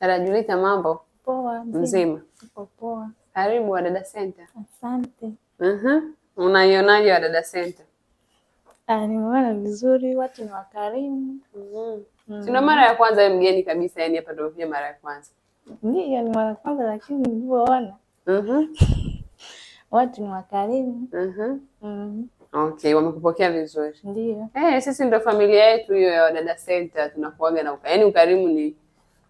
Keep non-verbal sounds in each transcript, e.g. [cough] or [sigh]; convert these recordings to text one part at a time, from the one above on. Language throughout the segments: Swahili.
Dada Julita, mambo poa? Mzima poa. Karibu Wadada Center. Asante. uh-huh. Unaionaje Wadada Center? Ah, nimeona vizuri, watu ni wakarimu. mm. mm. Sio mara ya kwanza mgeni kabisa, yani hapa ndio mara ya kwanza? Yaani ndio, ni mara ya kwanza, lakini nilivyoona uh-huh. [laughs] watu ni wakarimu. uh-huh. Okay, wamekupokea vizuri? Ndio. Eh, hey, sisi ndio familia yetu hiyo ya Wadada Center, tunakuaga na yaani ukarimu ni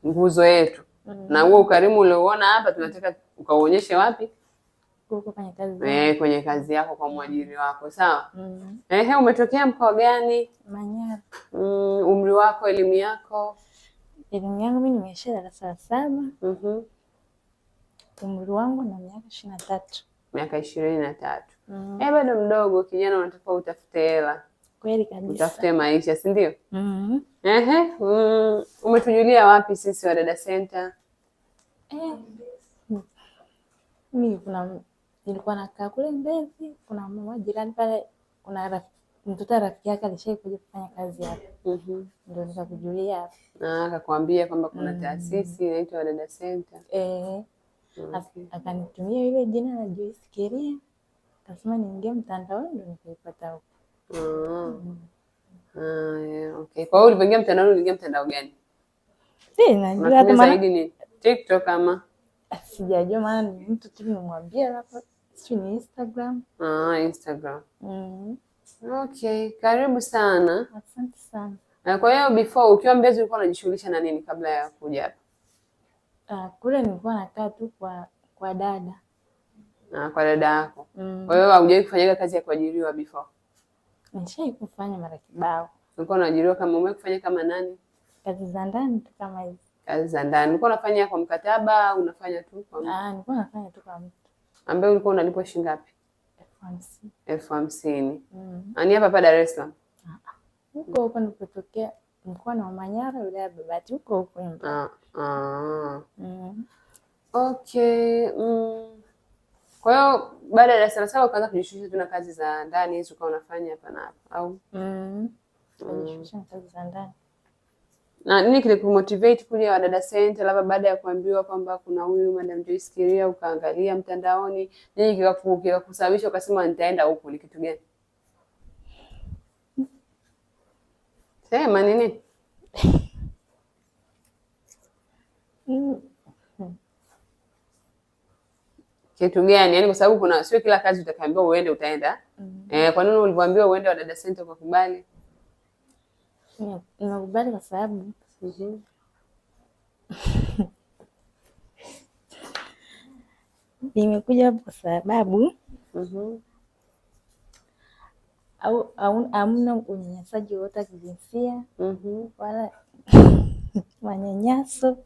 nguzo yetu mm. na huo ukarimu uliouona hapa tunataka ukauonyeshe wapi? Kwenye kazi, e, kwenye kazi yako kwa mwajiri wako sawa. mm. Ehe, umetokea mkoa gani? Manyara. mm, umri wako, elimu yako? Elimu yangu mimi nimesha darasa la saba. mm -hmm. Umri wangu na miaka ishirini na tatu. Miaka ishirini na tatu. mm -hmm. E, bado mdogo kijana, unatakiwa utafute hela kweli kabisa, utafute maisha, si ndio? Mm-hmm. mm -hmm. Ehe, umetujulia wapi sisi Wadada Center? Eh, mi kuna nilikuwa nakaa kule Mbezi, kuna mama jirani pale, kuna mtoto rafiki yake alishai kuja kufanya kazi hapa, mhm. ndio nikakujulia. Akakwambia kwamba kuna mm. taasisi inaitwa Wadada Center? Eh, mm, akanitumia ile jina la Joyce Keria, kasema niingie mtandaoni, ndio nikaipata huko. Ah. Mm. Ah, okay, kwa hiyo ulivyoingia mtandaoni uliingia mtandao gani? TikTok ama sijajua, maana ni mtu tu nimwambia hapo, si ni Instagram. Ah, Instagram. Mm. Okay, karibu sana. Asante sana. kwa hiyo before ukiwa Mbezi ulikuwa unajishughulisha na nini kabla ya kuja hapa? Ah, kule nilikuwa nakaa tu kwa kwa dada. Ah, kwa dada yako. Mm. Kwa hiyo haujawahi kufanyaga kazi ya kuajiriwa before? Nishai kufanya mara kibao. Ulikuwa unaajiriwa kama ume kufanya kama nani? kazi za ndani tu kama hizi. Kazi za ndani ulikuwa unafanya kwa mkataba unafanya tu kwa mtu? Ah, nilikuwa nafanya tu kwa mtu. Ambaye ulikuwa unalipwa shilingi ngapi? elfu hamsini. elfu hamsini. Mm. Ani hapa hapa Dar es Salaam? Ah, ah. huko huko nilipotokea mkoa wa Manyara wilaya ya Babati huko huko. Ah, ah. Mm. Okay. Mm. Kwa hiyo baada ya darasa la saba ukaanza kujishughulisha tu na kazi za ndani hizo ukawa unafanya hapa na hapa au? Mm-hmm. Mm. Kujishughulisha na kazi za ndani. Na nini kilikumotivate kuja Wadada Center, labda baada ya kuambiwa kwamba kuna huyu Madam Joyce Kiria, ukaangalia mtandaoni, nini kikakusababisha ukasema nitaenda huku? Ni kitu gani? Sema nini? kitu gani? Yani, kwa sababu kuna sio kila kazi utakaambiwa uende utaenda. Mm -hmm. Eh, kwa nini ulivyoambiwa uende Wadada Center ukakubali? nimekubali kwa sababu nimekuja kwa sababu au hamna unyanyasaji wowote wa kijinsia wala manyanyaso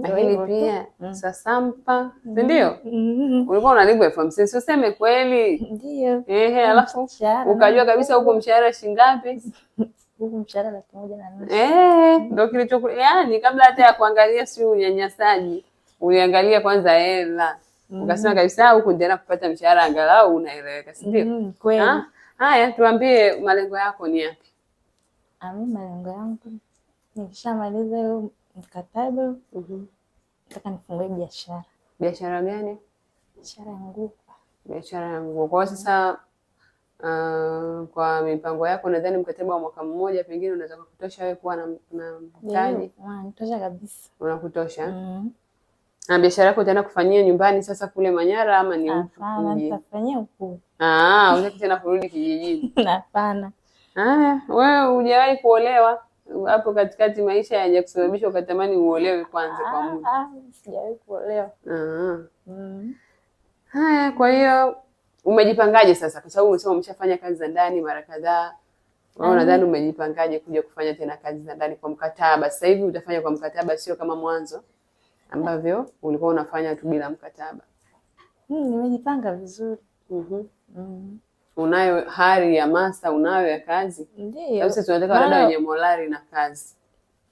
lakini yaani pia mm. sasampa, sindio mm-hmm. ndio? Mm-hmm. Ulikuwa unalipwa elfu hamsini useme kweli? Ndio. Ehe, alafu ukajua kabisa huko mshahara shingapi [laughs] Huko mshahara laki moja na nusu. Eh, mm-hmm. ndio kilicho yani, kabla hata ya kuangalia si unyanyasaji, uliangalia kwanza hela ukasema kabisa ah, huku ndio kupata mshahara angalau unaeleweka, si ndio? Kweli. Ah, haya, tuambie malengo yako ni yapi? Ami, malengo yangu nikishamaliza mkataba mm nataka -hmm. nifungue biashara. Biashara gani? Biashara ya nguo. Biashara ya nguo. Kwa sasa Uh, kwa mipango yako nadhani mkataba wa mwaka mmoja pengine unaweza kutosha wewe kuwa na mtaji. Unatosha kabisa. Unakutosha. Mm. Na biashara yako utaenda kufanyia nyumbani sasa kule Manyara ama ni huko? Ah, nitafanyia huko. Ah, unataka tena kurudi kijijini? [laughs] Hapana. Ah, wewe hujawahi kuolewa? hapo katikati maisha yaja kusababisha ukatamani uolewe kwanza kwa ah, muda? Ah, sijawahi kuolewa. Ah. Mm. Haya, kwa hiyo umejipangaje sasa, kwa sababu umesema umeshafanya kazi za ndani mara kadhaa? Wao, mm-hmm. nadhani umejipangaje kuja kufanya tena kazi za ndani kwa mkataba? Sasa hivi utafanya kwa mkataba, sio kama mwanzo ambavyo ulikuwa unafanya tu bila mkataba. Hmm, nimejipanga vizuri. Mm-hmm. mm -hmm. mm -hmm unayo hari ya masa, unayo ya kazi. Ndio sisi tunataka wadada wenye morali na kazi.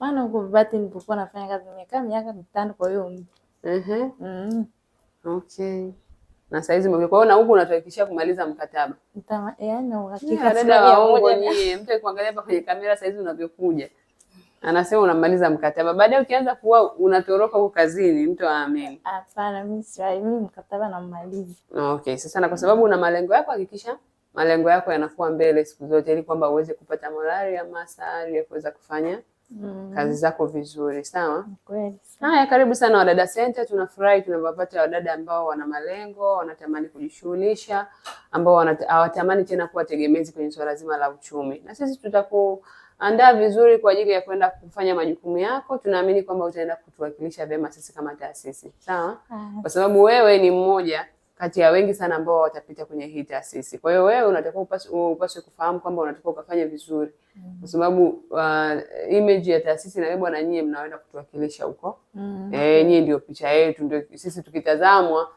Maana huko Babati nilipokuwa nafanya kazi nimekaa miaka mitano, kwa hiyo ehe, mm, okay. Na saa hizi kwa hiyo na huku unatuhakikishia kumaliza mkataba. Yaani na uhakika dada waongo nyie, mtu kuangalia hapa kwenye kamera saa unavyokuja anasema unamaliza mkataba, baadaye ukianza kuwa unatoroka huko kazini, mtu aamini. Hapana, mimi mkataba namaliza. Okay, sasa na kwa sababu una malengo yako, hakikisha malengo yako yanakuwa mbele siku zote, ili kwamba uweze kupata morali ya masari ya kuweza kufanya mm. kazi zako vizuri. Sawa, kweli. Haya, karibu sana Wadada Center. Tunafurahi tunapopata wadada ambao wana malengo, wanatamani kujishughulisha, ambao hawatamani tena kuwa tegemezi kwenye swala zima la uchumi, na sisi tutaku andaa vizuri kwa ajili ya kwenda kufanya majukumu yako. Tunaamini kwamba utaenda kutuwakilisha vyema sisi kama taasisi, sawa, kwa sababu wewe ni mmoja kati ya wengi sana ambao watapita kwenye hii taasisi. Kwa hiyo wewe unatakiwa upaswe kufahamu kwamba unatakiwa ukafanya vizuri mm. kwa sababu uh, image ya taasisi na bwana, nyie mnaenda kutuwakilisha huko mm. Eh, nyie ndio picha yetu, ndio sisi tukitazamwa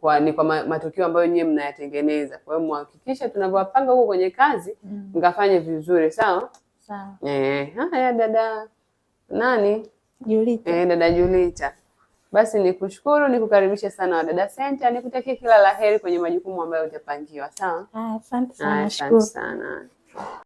kwa, ni kwa matukio ambayo nyie mnayatengeneza. Kwa hiyo muhakikishe tunavyowapanga huko kwenye kazi mm. mkafanye vizuri, sawa sawa. Eh, haya dada nani Julita, eh, dada Julita basi ni kushukuru ni kukaribisha sana Wadada Center, kutakia kila la heri kwenye majukumu ambayo utapangiwa. Sawa, asante sana.